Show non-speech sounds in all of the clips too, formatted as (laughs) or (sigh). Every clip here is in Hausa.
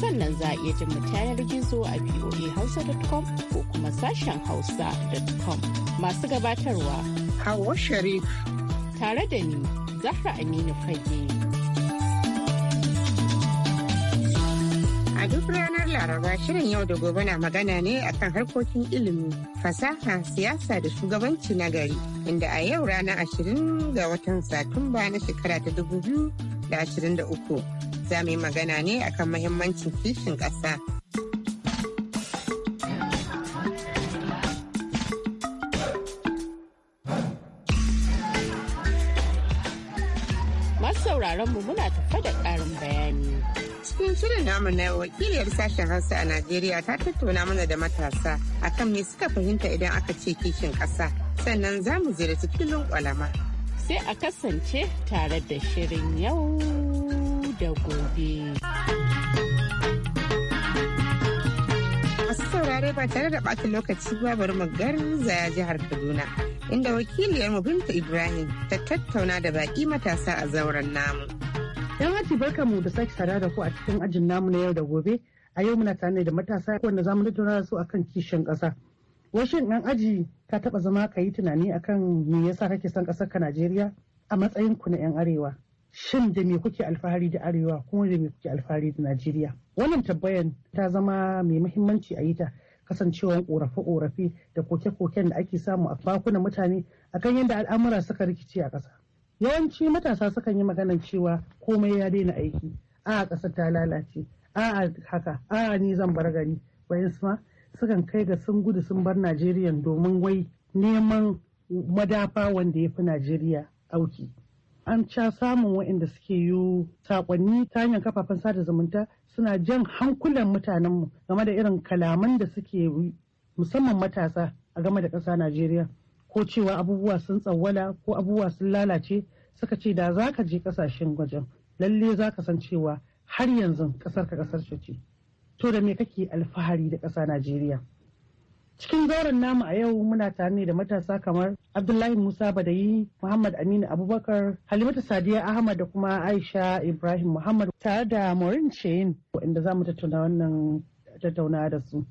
sannan za a iya jin mu ta yanar gizo a voahausa.com ko kuma sashen hausa.com masu gabatarwa hawa sharif tare da ni zahra aminu fage a duk ranar laraba shirin yau da gobe na magana ne akan harkokin ilimi fasaha siyasa da shugabanci na gari inda a yau ranar ashirin ga watan satumba na shekara ta 2023 za mu yi magana ne akan mahimmancin kishin ƙasa. mu muna tafa da ƙarin bayani. Cikin shirin namu na wakiliyar sashen Hausa a Najeriya ta tattauna mana da matasa akan me suka fahimta idan aka ce kishin ƙasa sannan za mu ziyarci cikin kwalama Sai a kasance tare da shirin yau da gobe. masu saurare ba tare da ɓata lokaci ba bari mu garzaya jihar Kaduna inda wakiliyar Binta Ibrahim ta tattauna da baƙi matasa a zauren namu. Yan aji barkamu mu da sake sada da ku a cikin ajin namu na yau da gobe a yau muna tare da matasa wanda zamu tattauna da su akan kishin ƙasa. Washin ɗan aji ta taɓa zama ka yi tunani akan me yasa kake son ƙasar ka Najeriya a matsayin ku na 'yan arewa. shin da me kuke alfahari da arewa kuma da me kuke alfahari da najeriya wannan tabbayan ta zama mai muhimmanci a yi ta kasancewan korafe-korafe da koke-koken da ake samu a bakunan mutane akan yadda al'amura suka rikice a ƙasa yawanci matasa sukan yi maganar cewa komai ya daina aiki a ƙasar ta lalace a haka a ni zan bar gari bayan ma sukan kai ga sun gudu sun bar najeriya domin wai neman madafa wanda ya fi najeriya auki an ca samun waɗanda suke yi saƙonni ta hanyar kafafen sada zumunta suna jan hankulan mutanenmu game da irin kalaman da suke musamman matasa a game da ƙasa Najeriya ko cewa abubuwa sun tsawwala ko abubuwa sun lalace suka ce da za ka je ƙasashen gwajin lalle za ka san cewa har yanzu ƙasar ka ƙasar ce. To da me kake alfahari da ƙasa Najeriya? Cikin zauren namu a yau muna tare ne da matasa kamar Abdullahi Musa Badayi, Muhammad Aminu Abubakar, Halimatu Sadiya Ahmad da kuma Aisha Ibrahim Muhammad tare da Maureen Shein inda za mu tattauna wannan tattauna da su.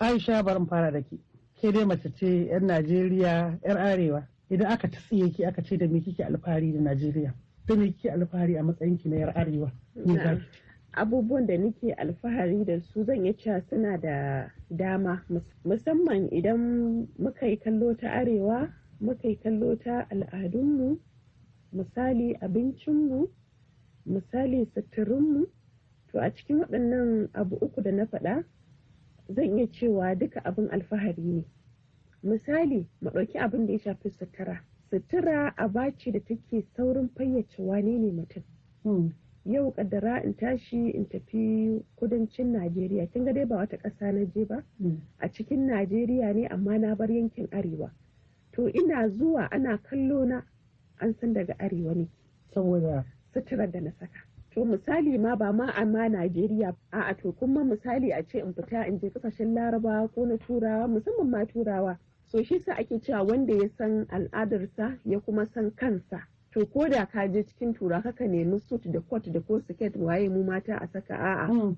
Aisha barin fara da ke. Ke dai mace ce 'yan Najeriya 'yar arewa. Idan aka ta tsiye ki aka ce da me kike alfahari da Najeriya. Da me kike alfahari a matsayin ki na 'yar arewa. abubuwan da nake alfahari da su zan ya cewa suna da dama musamman idan muka yi kallo ta arewa muka yi kallo ta al'adunmu misali abincinmu misali suturinmu to a cikin waɗannan abu uku da na faɗa zan iya cewa duka abin alfahari ne misali mu ɗauki abin da ya shafi sutura sutura aba ce da take saurin fayyace wane ne mutum hmm. yau kaddara in tashi in tafi kudancin najeriya kin ga dai ba wata ƙasa na je ba mm. a cikin najeriya ne amma na bar yankin arewa to ina zuwa ana kallo na an san daga arewa ne saboda suturar da na saka to misali ma ba ma amma najeriya a a to kuma misali a ce in fita in je kasashen larabawa ko na turawa musamman ma turawa so shi sa ake cewa wanda ya san al'adarsa ya kuma san kansa to ko da ka je cikin tura ka nemi suit da coat da ko siket waye mu mata a saka a'a mm.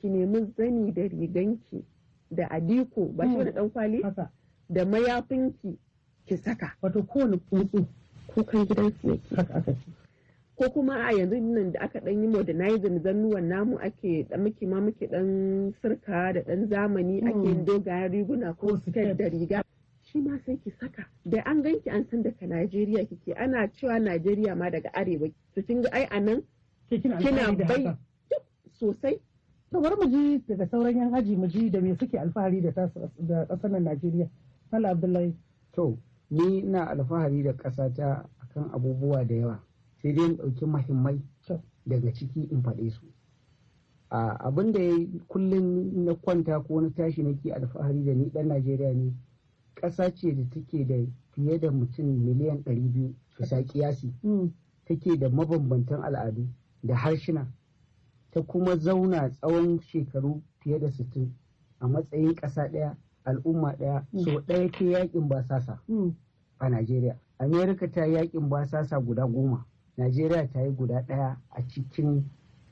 ki nemi zani da riganki da adiko ba shi da mm. dan kwali da mayafinki ki saka wato ne ko kan gidan su ko kuma a yanzu nan da aka dan yi modernizing zannuwan namu ake da muke ma muke dan sirka da dan zamani ake mm. yin dogayen riguna ko siket da riga shi ma sai ki saka da an ganki an san daga Najeriya kike ana cewa Najeriya ma daga arewa to kin ga ai anan kina bai sosai to bari mu ji daga sauran yan haji mu ji da me suke alfahari da tasu da kasar Najeriya Allah Abdullahi to ni ina alfahari da kasa ta akan abubuwa da yawa sai dai in dauki muhimmai daga ciki in faɗe su abin da ya kullum na kwanta ko na tashi nake alfahari da ni dan Najeriya ne ƙasa ce da take da fiye da mutum miliyan 200 bisa kiyasi hmm. take da mabambantan al'adu da harshina ta kuma zauna tsawon shekaru fiye da 60 a matsayin ƙasa ɗaya al'umma ɗaya hmm. so ɗaya ke yakin basasa hmm. a Najeriya. Amerika ta yakin basasa guda goma, Najeriya ta yi guda ɗaya a cikin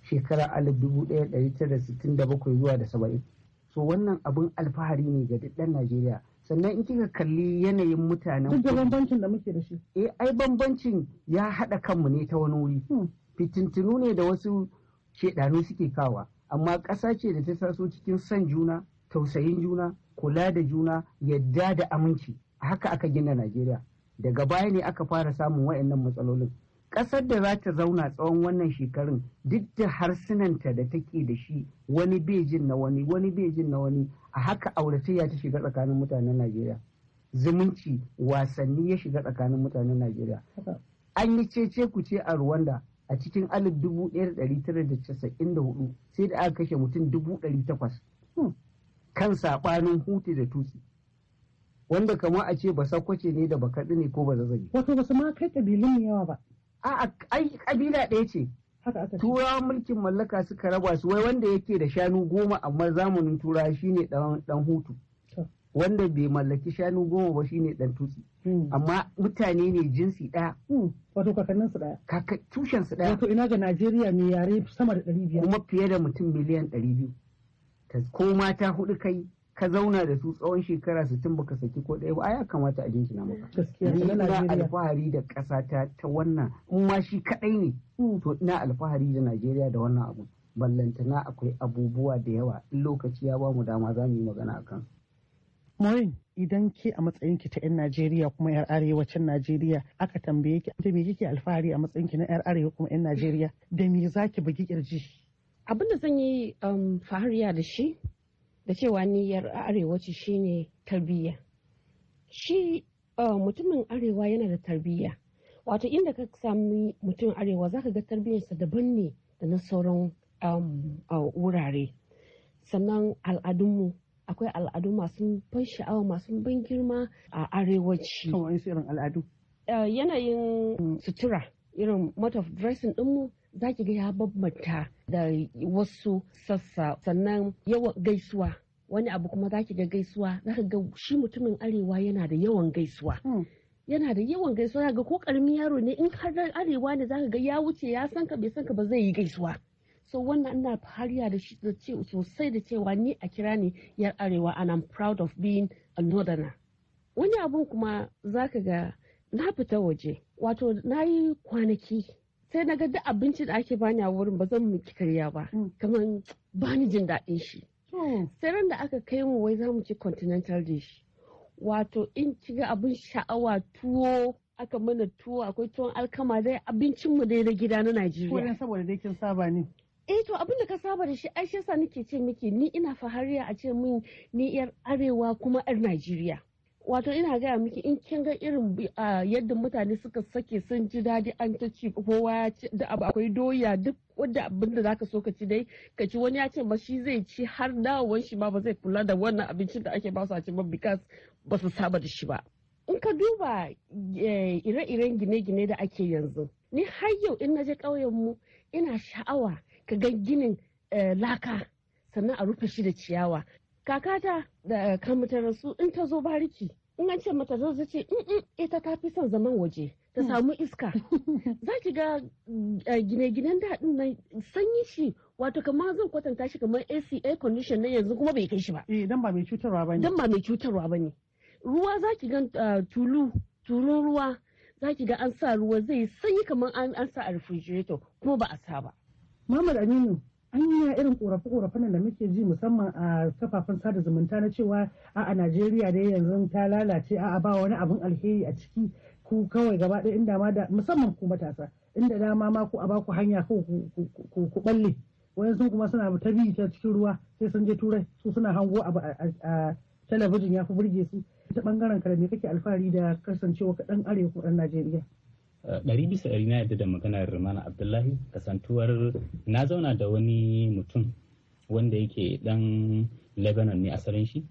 shekara 1967 zuwa da 70. So wannan abin alfahari ne ga duk ɗan Najeriya. sannan in kika kalli yanayin mutanen duk bambancin da muke da shi eh ai bambancin ya haɗa kanmu ne ta wani wuri hmm. fitintinu ne da wasu shedanu suke kawa amma ƙasa ce da ta taso cikin son juna tausayin juna kula da juna yadda da aminci haka aka gina najeriya daga baya ne aka fara samun waɗannan matsalolin ƙasar da za ta zauna tsawon wannan shekarun duk da harsunanta da take da shi wani bejin na wani wani bejin na wani a haka auratayya ta shiga tsakanin mutanen najeriya zumunci wasanni ya shiga tsakanin mutanen najeriya an yi cece ku ce a rwanda a cikin alif 1994 sai da aka kashe mutum dubu 800 kan saɓanin hutu da tutsi wanda kama a ce ba sakwace ne da bakaɗi ne ko ba zazzage. Wato ba su ma kai ƙabilun yawa ba. A'a, ai kabila ɗaya ce. Turawan mulkin mallaka suka raba su wai wanda yake da shanu goma amma zamanin turawa shine dan hutu. Wanda bai mallaki shanu goma ba shine dan tutsi. Hmm. Amma mutane ne jinsi ɗaya. Hmm. Wato kakannin su ɗaya. Kaka tushen su ɗaya. Wato ina ga Najeriya mai yare sama da ɗari biyar. Kuma fiye da mutum miliyan ɗari biyu. Ko mata hudu kai ka zauna da su tsawon shekara sittin baka saki ko ɗaya ba a kamata a jinjina maka ni ina alfahari da ƙasata ta wannan in shi kaɗai ne mm. to ina alfahari da najeriya da wannan abu ballantana akwai abubuwa da yawa in lokaci ya bamu dama za mu yi magana akan Maureen idan ke a matsayin ki ta 'yan Najeriya kuma 'yar arewacin Najeriya aka tambaye ki da me kike alfahari a matsayin ki na 'yar arewa kuma 'yan Najeriya da me zaki bugi kirji? abinda zan yi um, fahariya da shi da cewa niyyar arewaci shine tarbiyya shi eh, mutumin arewa yana da tarbiyya wato inda ka sami mutum arewa zaka ga tarbiyyarsa daban ne da na sauran um, wurare sannan al'adunmu akwai al'adu masu ban sha'awa masu ban girma a arewaci irin eh, yanayin mm. sutura irin mode of dressing dinmu za ki ga ya bambanta da wasu sassa sannan yawan gaisuwa wani abu kuma za ki ga gaisuwa za ka ga shi mutumin arewa yana da yawan gaisuwa. Hmm. yana da yawan gaisuwa ga ko karmi yaro ne in har arewa ne za ka ga ya wuce ya san ka bai san ka ba zai yi gaisuwa so wannan ina fariya da shi sosai da cewa ni a kira ne yar arewa and I'm proud of being a northerner wani abu kuma za ka ga na fita waje wato na yi kwanaki sai na ga duk abincin da ake bani a wurin ba zan miki karya ba mm. kamar bani jin daɗin shi sai ran da aka kai mu wai za mu ci continental dish wato in kiga abin sha'awa tuwo aka mana tuwo akwai tuwon alkama dai abincin mu dai na gida na Najeriya. Ko saboda dai kin saba ne. Eh to abin da ka saba da shi ai shi yasa nake ce miki ni ina fahariya a ce min ni yar arewa kuma yar Najeriya. wato ina gaya miki in kin ga irin yadda mutane suka sake sun ji dadi an ta ci kowa ya ci da abu akwai doya duk wanda abin da zaka so ka ci dai ka ci wani ya ce ma shi zai ci har dawowan shi ma ba zai kula da wannan abincin da ake basu a ci ba because ba su saba da shi ba in ka duba e, ire-iren gine-gine da ake yanzu ni har yau in naje ƙauyen mu ina sha'awa ka ga ginin e, laka sannan a rufe shi da ciyawa kakata da rasu in ta zo bariki in an ce mata zo zace in ita ta fi son zaman waje ta hmm. samu iska (laughs) za ki ga eh, gine-ginen daɗin nan sanyi shi wato kamar zan kwatanta shi kamar AC air condition na yanzu kuma bai kai shi ba. Eh dan ba mai cutarwa ba ne. Dan ba mai cutarwa ba ne. Ruwa za ki ga eh, tulu tulun ruwa za ki ga an sa ruwa zai sanyi kamar an sa a refrigerator kuma ba a sa ba. Muhammad Aminu hanya irin korafe korafen da muke ji musamman a kafafen sada zumunta na cewa a a Najeriya da yanzu ta lalace a ba wani abin alheri a ciki ku kawai gaba ɗaya inda ma da musamman ku matasa inda dama ma ku a ba ku hanya ko ku balle wayansu kuma suna ta bi ta cikin ruwa sai sun je turai su suna hango abu a talabijin ya fi burge su ta bangaren ka me kake alfahari da kasancewa kaɗan arewa ko ɗan Najeriya. ɗari bisa ɗari na yadda da maganar rumana abdullahi kasantuwar na zauna da wani mutum wanda yake ɗan lebanon ne asalin shi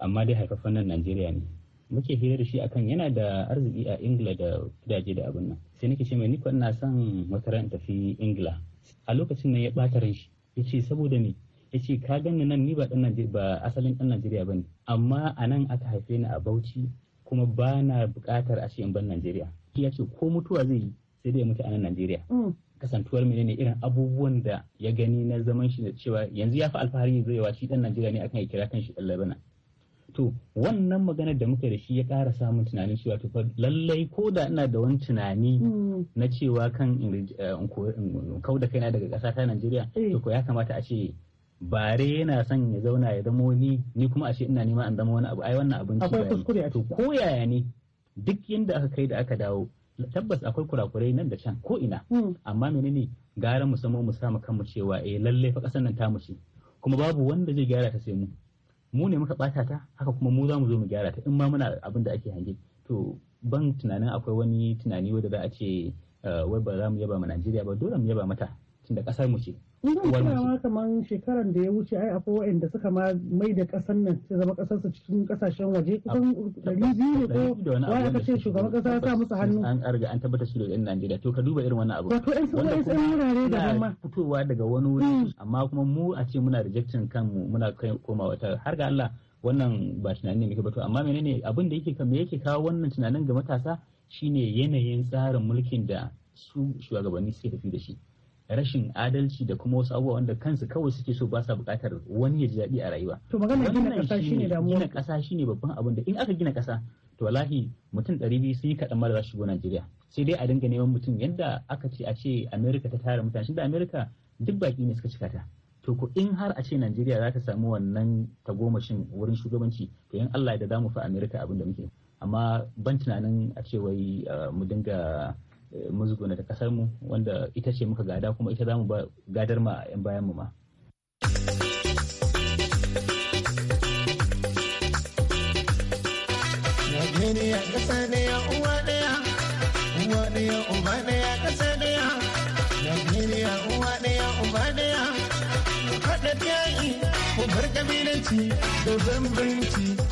amma dai haifafan nan najeriya ne muke hira da shi akan yana da arziki a ingila da gidaje da abin nan sai nake ce mai ni ina son wata tafi ingila a lokacin nan ya ɓata ran shi ya ce saboda ne ya ce ka gani nan ni ba asalin ɗan najeriya ba ne amma a nan aka haife ni a bauchi kuma ba na buƙatar a ce in ban najeriya ya ce ko mutuwa zai yi sai dai mutu a nan Najeriya. Mm. Kasantuwar ne irin abubuwan da ya gani na zaman shi da cewa yanzu ya fi alfahari zaiwa shi dan Najeriya ne akan ya kira kan shi dan Lebanon. To wannan maganar da muka da shi ya ƙara samun tunanin cewa to lallai ko da ina da wani tunani mm. na cewa kan eh, kau da kaina daga ƙasa ta Najeriya eh. to ko ya kamata a ce bare yana son ya zauna ya zama wani ni kuma a ce ina nema an zama wani abu ai wannan abin ci ko yaya ne duk inda aka kai da aka dawo tabbas akwai kurakurai nan da can ko ina hmm. amma menene gara mu samu mu samu kanmu cewa eh lalle fa kasan nan ta ci. kuma babu wanda zai gyara ta sai mu mu ne muka bata ta haka kuma mu za mu zo mu gyara ta in ma muna abin da ake hange to ban tunanin akwai wani tunani wanda za a ce eh, wai ba za mu yaba ma Najeriya ba dole mu yaba mata tunda kasar mu ce ina kamar shekaran da ya wuce ai akwai waɗanda suka ma mai da ƙasar nan su zama ƙasar su cikin ƙasashen waje kusan ɗari biyu ne ko wani aka ce shugaban ƙasa ya sa musu hannu an arga an tabbatar shi da ɗan Najeriya to ka duba irin wannan abu wato ɗan sun ɗan wurare da dama fitowa daga wani wuri hmm. amma kuma mu a ce muna rejectin kanmu muna komawa ta har ga Allah wannan ba tunanin ne muke ba to amma menene abin da yake me yake kawo wannan tunanin ga matasa shine yanayin tsarin mulkin da su shugabanni suke tafi da shi rashin adalci da kuma wasu abubuwa wanda kansu kawai suke so ba sa buƙatar wani ya ji daɗi a rayuwa. To magana gina ƙasa shine damuwa. Gina ƙasa ne babban abun da in aka gina ƙasa to wallahi mutum ɗari biyu sun yi kaɗan mara za su shigo Najeriya. Sai dai a dinga neman mutum yadda aka ce a ce Amerika ta tara mutane shi da Amerika duk baƙi ne suka cika ta. To ko in har a ce Najeriya za ta samu wannan tagomashin wurin shugabanci to in Allah ya da za mu fi Amerika abin da muke. Amma ban tunanin a ce wai eh, mu dinga musguna ta kasar wanda ita ce muka gada kuma ita za mu gadar ma 'yan bayan mu ma. Najeriya ƙasa ɗaya uwa ɗaya, uwa ɗaya uba ɗaya ƙasa ɗaya. Najeriya uwa ɗaya uba ɗaya, mu faɗa yayi, mu bar ƙabilanci da bambanci.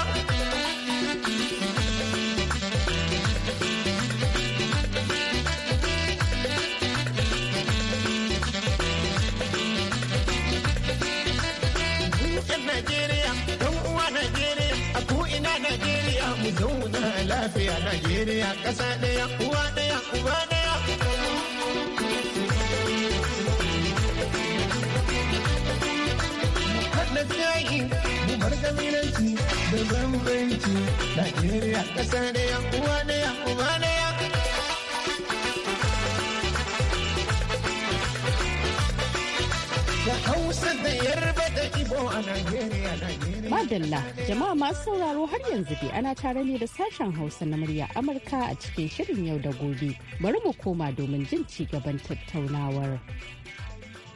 mu zauna lafiya Najeriya ƙasa ɗaya uwa ɗaya uba ɗaya. Haɗa jayi mu bar kabilanci da bambanci Najeriya ƙasa ɗaya uwa ɗaya uba ɗaya. Da Hausa da Yarba da Ibo a Najeriya Najeriya. Madalla jama'a masu sauraro har yanzu dai ana tare ne da sashen Hausa na murya Amurka a cikin shirin yau da gobe. Bari mu koma domin jin ci gaban tattaunawar.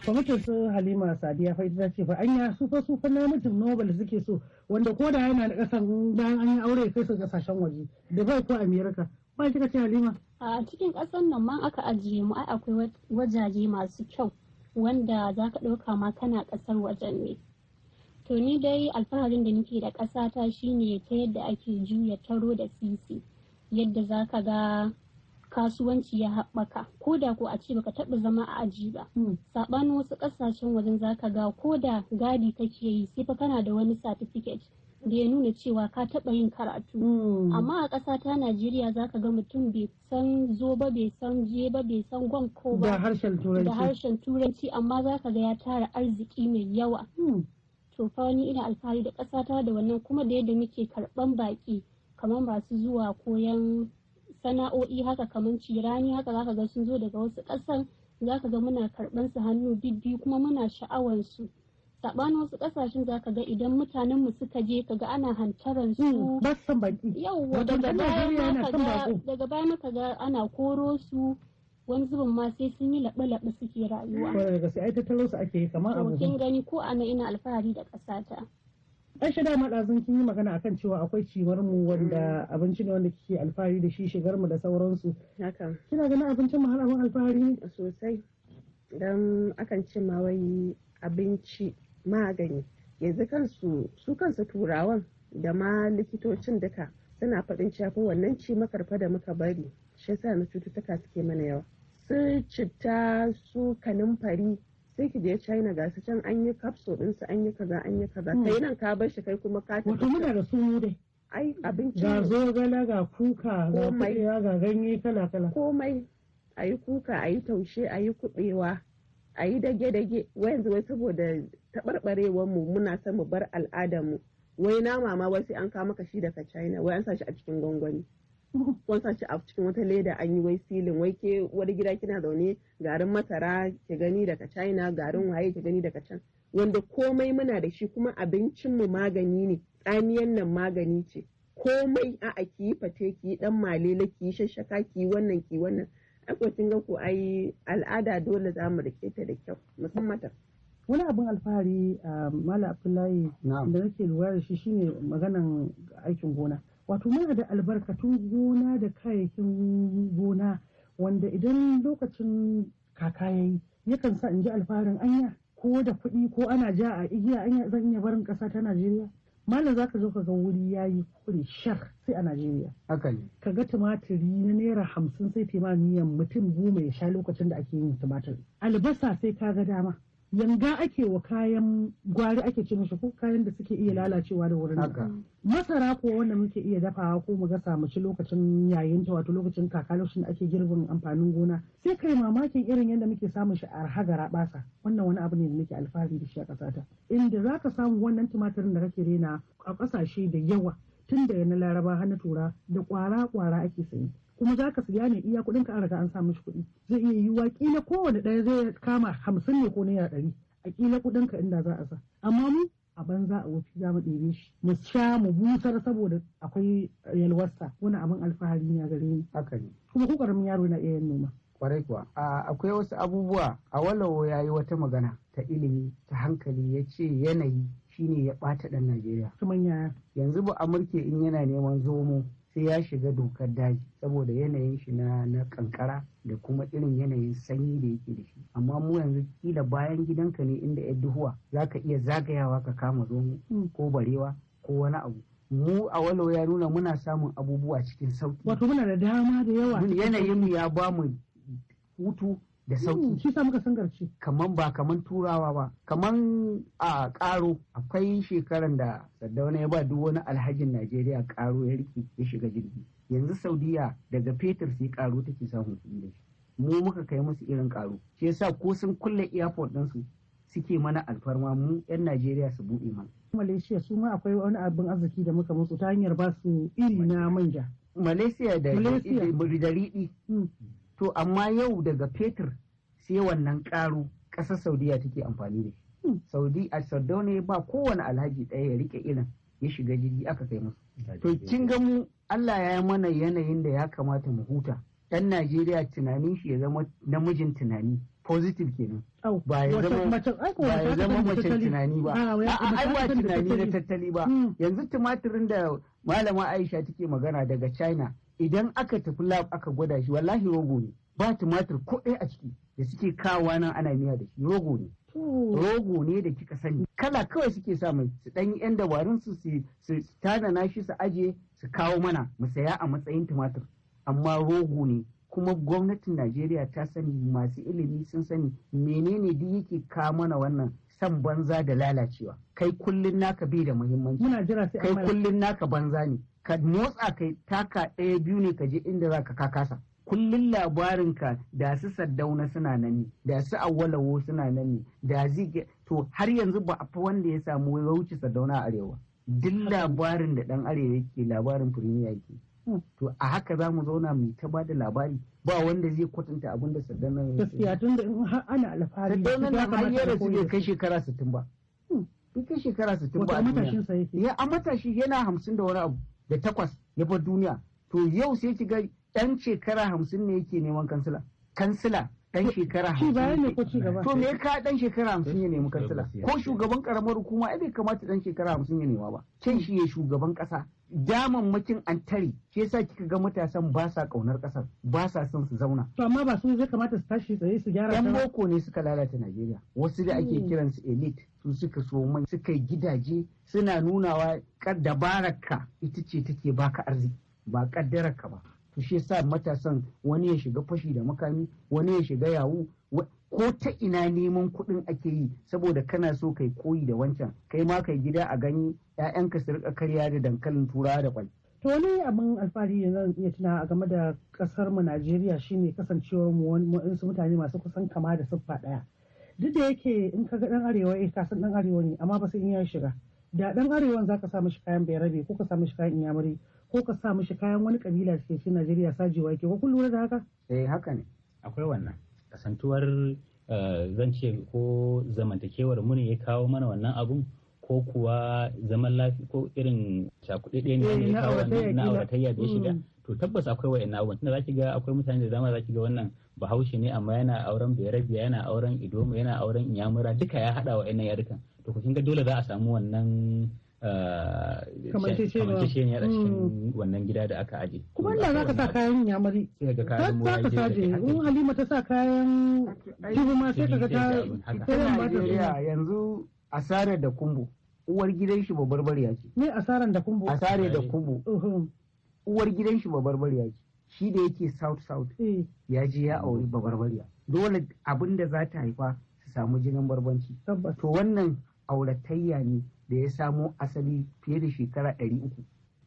Kwamitin su Halima Sadiya fa ita ce fa an ya fa su mutum Nobel suke so wanda ko da yana da kasan bayan an yi aure kai su kasashen waje da bai ko Amerika. Ba kika ce Halima? A cikin kasan nan ma aka ajiye mu ai akwai wajaje masu kyau wanda za ka ɗauka ma kana ƙasar wajen ne. To ni dai alfaharin da nake da ƙasata shine ta yadda ake juya taro da sisi, yadda za ka ga kasuwanci ya haɓaka, ko da ko a ce baka taɓa zama a aji ba. Hmm. Saɓanin wasu ƙasashen wajen za ka ga ko da gadi kake yi sai fa kana da wani satifiket da ya nuna cewa ka taɓa yin karatu. Hmm. Amma a ƙasa ta Najeriya za ka ga mutum bai san zo ba bai san je ba bai san gwan ko ba. turanci. Da harshen turanci amma za ka ga ya tara arziki mai yawa. Hmm. to fa wani ina alfahari da ƙasa ta da wannan kuma da yadda muke karɓan baƙi kamar masu zuwa koyan sana'o'i haka kamar cirani haka zaka ga sun zo daga wasu ƙasan zaka ga muna karɓan su hannu bibbi kuma muna sha'awar su saɓanin wasu ƙasashen zaka ga idan mutanen mu suka je kaga ana hantaran su hmm, daga baya maka ga ana koro su wani zubin ma sai sun yi laɓe-laɓe suke rayuwa. Kwarar gaske ai tattalin su ake kamar abu. Kin gani ko a ana ina alfahari da ƙasata. Ai shi dama ɗazun kin yi magana akan cewa akwai ciwar mu wanda mm. abinci ne wanda kike alfahari da shi shigar mu da sauransu. Haka. Kina ganin abincin mu har alfahari ne? Sosai. Dan akan ce ma wai abinci magani. Yanzu kansu su kansu turawan da ma likitocin duka suna faɗin cewa wannan ci makarfa da muka bari shi yasa na cututtuka suke mana yawa su citta su kanumfari sai ki je China ga su can an yi kafso din su an yi kaza an yi kaza kai nan ka bar shi kai kuma ka wato muna da su dai ai abinci ga ga kuka ga kuɗewa ga ganye kala kala komai ayi kuka ayi taushe ayi kuɗewa ayi dage dage wai wai saboda taɓarɓarewar mu muna son mu bar al'adar mu wai nama ma wai sai an kawo maka shi daga china wai an sa shi a cikin gwangwani kun sa shi a cikin wata leda an yi wai silin wai ke wani gida kina zaune garin masara ki gani daga china garin waye ki gani daga can wanda komai muna da shi kuma abincinmu magani ne tsamiyan nan magani ce komai a a ki fate ki dan malele ki shashaka ki wannan ki wannan ai ko kin ko ai al'ada dole za mu rike ta da kyau musamman wani abin alfahari a ah, mala abdullahi da nake lura da shi shine maganan aikin gona wato muna da albarkatun gona da kayayyakin gona wanda idan lokacin kaka yayi yakan sa in ji alfaharin anya ko da kuɗi ko ana ja a igiya anya zan iya barin ƙasa ta najeriya malam za ka zo ka ga wuri ya yi kure shar sai a najeriya ka ga tumatiri na naira hamsin sai miyan mutum goma ya sha lokacin da ake yin tumatir albasa sai ka ga dama yanga ake wa kayan gwari ake ce mishi ko kayan da suke iya lalacewa da wurin masara ko wanda muke iya dafawa ko mu gasa mu ci lokacin yayin ta wato lokacin kaka lokacin ake girbin amfanin gona sai kai mamakin irin yadda muke samun shi a hagara basa wannan wani abu ne da nake alfahari da shi a kasata inda zaka samu wannan tumatirin da kake rena a kasashe da yawa tun da na laraba har na tura da kwara kwara ake sayi kuma za ka siya ne iya kuɗin ka an riga an sa mishi kuɗi zai iya yiwuwa kila kowane ɗaya zai kama hamsin ne ko naira ɗari a kila kuɗin ka inda za a sa amma mu a banza a wofi za mu ɗebe shi mu sha mu busar saboda akwai yalwarsa wani abin alfahari ne a gare ni haka ne kuma ko karamin yaro na iya noma kwarai kuwa akwai wasu abubuwa a walawo ya yi wata magana ta ilimi ta hankali ya ce yanayi shine ya ɓata ɗan Najeriya. Yanzu ba Amurke in yana neman zomo sai ya shiga dokar daji saboda yanayin shi na na kankara da kuma irin yanayin sanyi da yake da shi amma mu yanzu kila bayan gidanka ne inda ya duhuwa zaka iya zagayawa ka kama zomo mm. ko barewa ko wani abu mu a walau ya nuna muna samun abubuwa cikin sauki wato muna da dama da yawa yanayin mu ya bamu hutu da sauki hmm, shi sa muka kaman ba kaman turawa ba kaman a karo akwai shekaran da saddauna ya ba duk wani alhajin najeriya karo ya riki ya shiga jirgi yanzu saudiya daga fetur sai karo take samun kuɗi mu muka kai musu irin karo shi yasa ko sun kulle airport ɗinsu suke mana alfarma mu 'yan Najeriya su buɗe mana. Malaysia su ma akwai wani abin arziki da muka musu ta hanyar ba su iri na manja. Malaysia da riɗi hmm. to amma yau daga fetur sai wannan ƙaro ƙasar saudiya take amfani da shi hmm. saudi a ne ba kowane alhaji ɗaya ya rike irin ya shiga jirgi aka kai musu to kin ga mu allah ya yi mana yanayin da ya kamata mu huta ɗan najeriya tunanin shi ya zama namijin tunani positive kenan ba ya zama mace tunani ba ai ba tunani da tattali ba hmm. yanzu tumatirin da malama aisha take magana daga china idan aka tafi lab aka gwada shi wallahi rogo ne ba tumatir ko ɗaya a ciki da suke kawa nan ana miya da shi rogo ne rogo ne da kika sani kala kawai suke sa mai su ɗan yan dabarun su su na shi su aje su kawo mana mu saya a matsayin tumatir amma rogo ne kuma gwamnatin Najeriya ta sani masu ilimi sun sani menene duk yake kawo mana wannan san banza da lalacewa kai kullun naka bai da muhimmanci kai kullun naka banza ne ka motsa kai taka ɗaya biyu ne ka je inda za ka kakasa kullum labarinka da su saddauna suna nan da su awalawo suna nan da zige to har yanzu ba a fa wanda ya samu ya wuce saddauna arewa duk labarin da dan arewa yake labarin firimiya yake to a haka za mu zauna mu ta ba da labari ba wanda zai kwatanta abin da saddauna ya gaskiya tun da in har ana alfahari saddauna na hanyar da bai kai shekara 60 ba bai kai shekara 60 ba a matashin sa yake ya a matashi yana 50 da wani abu da takwas ya bar duniya to yau sai ki ga ɗan shekara hamsin ne yake neman kansila kansila dan shekara to me ka dan shekara hamsin ya nemi kansila ko shugaban karamar hukuma ai bai kamata dan shekara hamsin ya nema ba can shi ya shugaban kasa damammakin antari shi yasa kika ga matasan ba sa kaunar kasar ba sa son su zauna to amma ba su zai kamata su tashi tsaye su gyara dan boko ne suka lalata Najeriya wasu da ake hmm. kiransu elite su suka so man suka gidaje suna nunawa dabararka ita ce take baka arziki ba kaddararka ba to shi yasa matasan wani ya shiga fashi da makami wani ya shiga yawu ko ta ina neman kuɗin ake yi saboda kana so kai koyi da wancan kai ma kai gida a gani ƴaƴanka su rika karya da dankalin turawa da kwai to wani abin alfahari da zan iya tuna a game da kasar mu Najeriya shine kasancewar mu wasu mutane masu kusan kama da siffa ɗaya duk da yake in ka ga dan arewa eh ka san dan arewa ne amma ba sai in ya shiga da dan arewan zaka sa mishi kayan bayarabe ko ka sa mishi kayan inyamuri ko ka sa mishi kayan wani kabila da ke Najeriya sajewa yake ko kun lura da haka? Eh haka ne akwai wannan kasantuwar eh, zance ce ko zamantakewar mu ya kawo mana wannan abun ko kuwa zaman lafiya ko irin cakuɗe ne ya kawo wannan eh, na auratayya da ya shiga. Mm. to tabbas akwai wa'in abubuwan tunda zaki ga akwai mutane da dama zaki ga wannan bahaushe ne amma yana auren bayarabiya yana auren idoma yana auren inyamura duka ya hada wa'in yarukan to ku ga dole za a samu wannan Eh, kamanceceniya a cikin hmm. wannan gida da aka aje. Kuma inda za ka sa kayan yamari. Sai ga kayan mura ka saje in Halima ta sa kayan kibu ma sai ka ga ta yanzu asarar da kumbu uwar gidan shi babarbariya ce. Me asarar da kumbu? Asarar da kumbu. Uwar gidan shi babarbariya ce. Shi da yake south south eh. ya je ya auri babarbariya. Dole abin da za ta haifa su samu jinin barbanci. To wannan auratayya ne da ya samo asali fiye da shekara ɗari uku.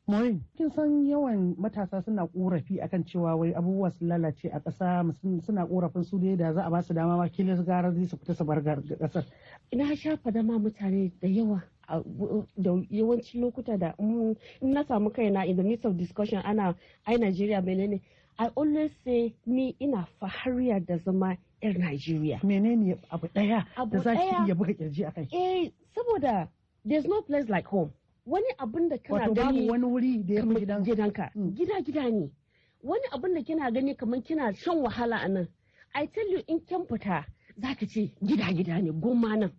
Moyin, kin san yawan matasa suna korafi akan cewa wai abubuwa sun lalace a ƙasa suna korafin su dai da za a ba su dama ma kilis gara zai su fita su bar ƙasar. Ina shafa dama mutane da yawa da yawancin lokuta da in na samu kaina in the midst of discussion ana ai Najeriya menene I always say ni ina fahariya da zama 'yar mene Menene abu ɗaya da za ki iya buga kirji a kai? Eh, saboda there's no place like home wani abin da kana gani wani wuri da ya gidanka hmm. gida gida ne wani abin da kina gani kamar kina shan wahala a nan i tell you in kin fita za ka ce gida gida ne goma nan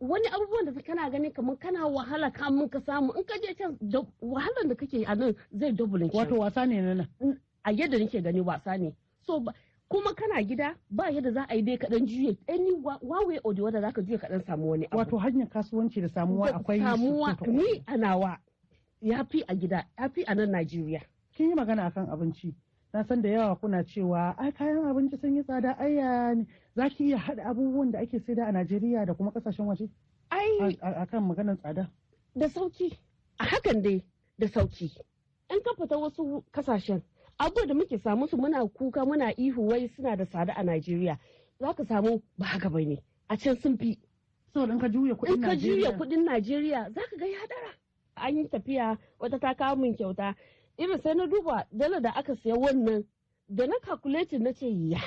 wani abubuwan da kana gani kamar kana wahala kamun ka samu in ka je can wahalar da kake a nan zai dubulin wato wasa ne nan a yadda nake gani wasa ne so kuma kana gida ba yadda za a yi dai kaɗan juya any wawe or the za ka juya kaɗan samu wani abu wato hanyar kasuwanci da samuwa akwai samuwa ni a nawa ya fi a gida ya fi a nan Najeriya kin yi magana akan abinci na san da yawa kuna cewa ai kayan abinci sun yi tsada aya ne za ki iya haɗa abubuwan da ake saida a Najeriya da kuma ƙasashen waje ai akan maganar tsada da sauki a hakan dai da sauki an ka fita wasu kasashen abubuwa da muke samu su muna kuka muna ihu wai suna da tsada a Najeriya za ka samu ba haka ba ne a can sun fi. Saboda ka juya kuɗin Najeriya. ka juya kuɗin Najeriya za ka ga ya dara. An yi tafiya wata ta kawo min kyauta irin sai na duba dala da aka siya wannan da na calculating na ce ya.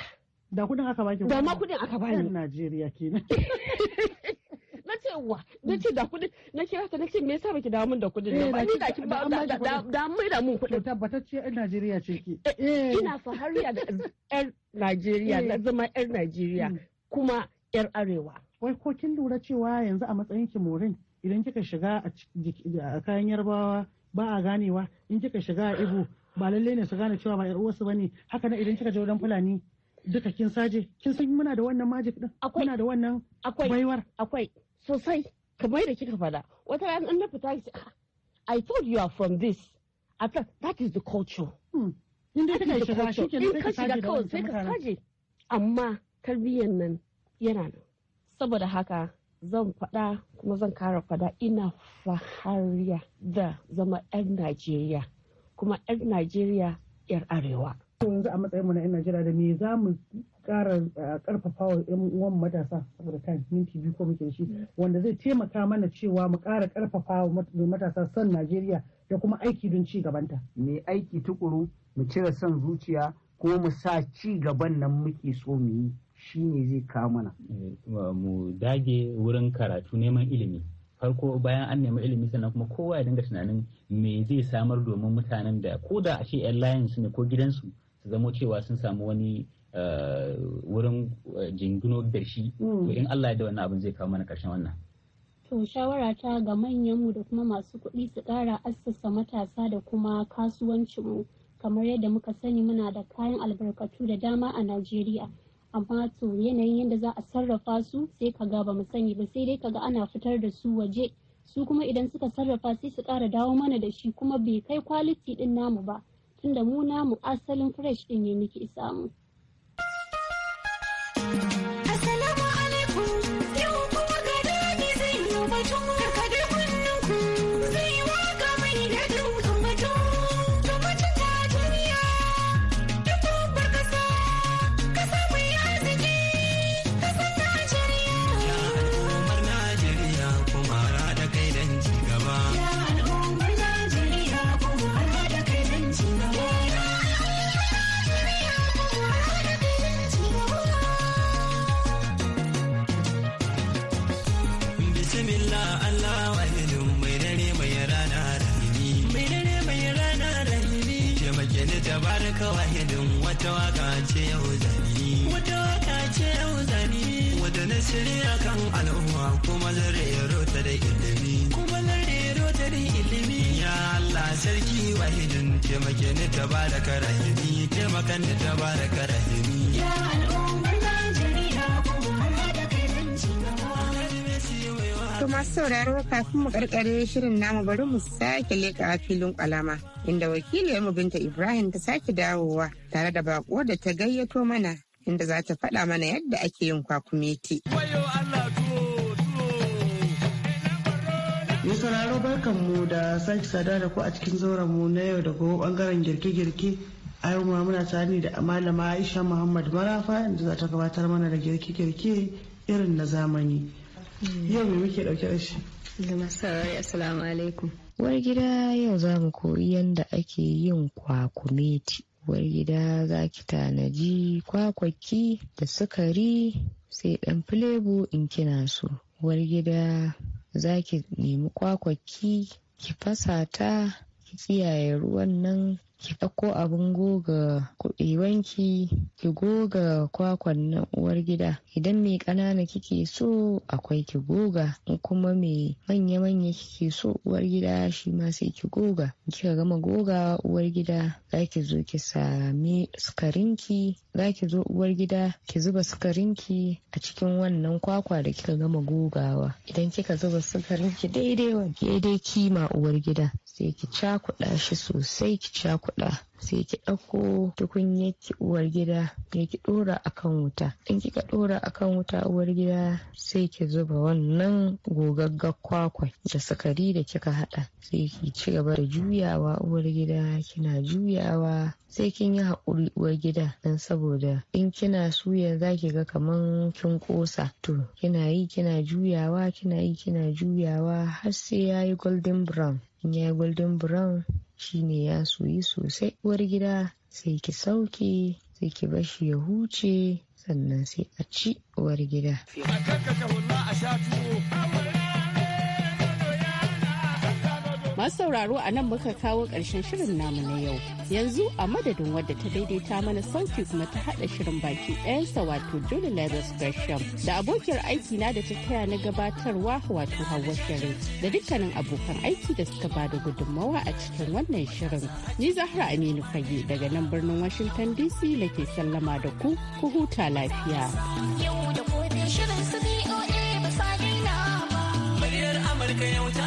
Da kudin aka baki. Da ma kudin aka bani. Najeriya kenan. (laughs) yawwa na mm. ce da kuɗi na kira ta na ce me yasa baki dawo min da kuɗin nan ba eh, ni da kin ba da mai da mun kuɗin ce yan Najeriya ce ki eh, eh. ina fahariya da yan Najeriya na zama yan Najeriya mm. kuma yan arewa wai ko kin lura cewa yanzu a matsayin ki morin idan kika shiga a kayan yarbawa ba a ganewa in kika shiga a ibo ba lallai ne su gane cewa ba yar uwarsu bane haka nan idan kika je wajen fulani duka kin saje kin san muna da wannan magic din muna da wannan baiwar akwai sosai kamar da kika faɗa wata ran an na fita ki ah, I told you are from this after that is the culture hmm. in dai kika shiga shi ke ka shiga kawai sai ka kaje amma tarbiyyar nan yana nan saboda haka zan faɗa kuma zan kara faɗa ina fahariya da zama 'yan Najeriya kuma 'yan Najeriya 'yar Arewa to yanzu a matsayinmu na 'yan najeriya da me za mu kara karfafa wa 'yan uwan matasa saboda kan minti biyu ko muke shi wanda zai taimaka mana cewa mu kara karfafa wa matasa son najeriya da kuma aiki don ci gabanta me aiki tukuru mu cire son zuciya ko mu sa ci gaban nan muke so mu yi shi ne zai kawo mana eh, mu dage wurin karatu neman ilimi farko bayan an nemi ilimi sannan kuma kowa ya dinga tunanin me zai samar domin mutanen da ko da a ce 'yan layin su ne ko gidansu zamo cewa sun samu wani eh, wurin eh, jingino shi mm. to in Allah ya da wannan abin zai kawo mana karshen wannan To shawara ta ga manyanmu da kuma masu kuɗi su ƙara assasa matasa da kuma kasuwanci mu kamar yadda muka sani muna da kayan albarkatu da dama a Najeriya. Amma to yanayin yadda za a sarrafa su sai ka ga bamu sani ba sai dai kaga ana fitar da su waje su kuma idan suka sarrafa sai su ƙara dawo mana da shi kuma bai kai kwaliti ɗin namu ba. tunda mu namu asalin fresh din ne muke samu. sauraro kafin mu karkare shirin namu bari mu sake leƙa filin kwalama inda wakiliyarmu binta Ibrahim ta sake dawowa tare da bako da ta gayyato mana inda za ta faɗa mana yadda ake yin kwakumeti. Mai sauraro barkan mu da sake sada da ku a cikin zauren mu na yau da gobe bangaren girke-girke a yau ma muna tare da malama Aisha Muhammad Marafa inda za ta gabatar mana da girke-girke irin na zamani. yau mai muke dauke da shi zama sarari assalamu alaikum gida yau za mu koyi yadda ake yin kwakumeti uwar gida za ki tanaji kwakwaki da sukari sai dan filebu in kina so uwar gida za ki nemi kwakwaki ki fasa ta ki kiyaye ruwan nan ki ɗauko abin goga kuɓewanki ki goga kwakwan na uwar gida idan mai ƙanana kike so akwai ki goga kuma mai manya-manya kike so uwar gida shi ma sai ki goga kika gama goga uwar gida za ki zo ki sami sukarinki za ki zo uwar gida ki zuba sukarinki a cikin wannan kwakwa da kika gama gogawa idan kika zuba sukarinki daidai wa, daidai kima uwar gida sai ki cakuɗa shi sosai ki cakuɗa sai ki ɗauko tukunyar ki uwar gida ya ki ɗora akan wuta in kika ɗora akan wuta uwar gida sai ki zuba wannan gogaggar kwakwai da sakari da kika haɗa sai ki ci gaba da juyawa uwar gida kina juyawa sai kin yi haƙuri uwar gida dan saboda in kina suya za ki ga kaman kin ƙosa to kina yi kina juyawa kina yi kina juyawa har sai ya yi golden brown in ya golden brown shi ne ya soyi sosai uwar gida sai ki sauke sai ki bashi ya huce sannan sai a ci uwar gida. Masu sauraro a nan muka kawo ƙarshen shirin namu na yau. Yanzu a madadin wadda ta daidaita mana sauki kuma ta haɗa shirin baki ɗayansa wato Julie Leathers Gresham da abokiyar aiki na da ta taya na gabatarwa wato Hauwa Shirin da dukkanin abokan aiki da suka ba da gudunmawa a cikin wannan shirin. Ni Zahra Aminu Fage daga nan birnin Washington DC da ke sallama da ku ku huta lafiya. Yau da shirin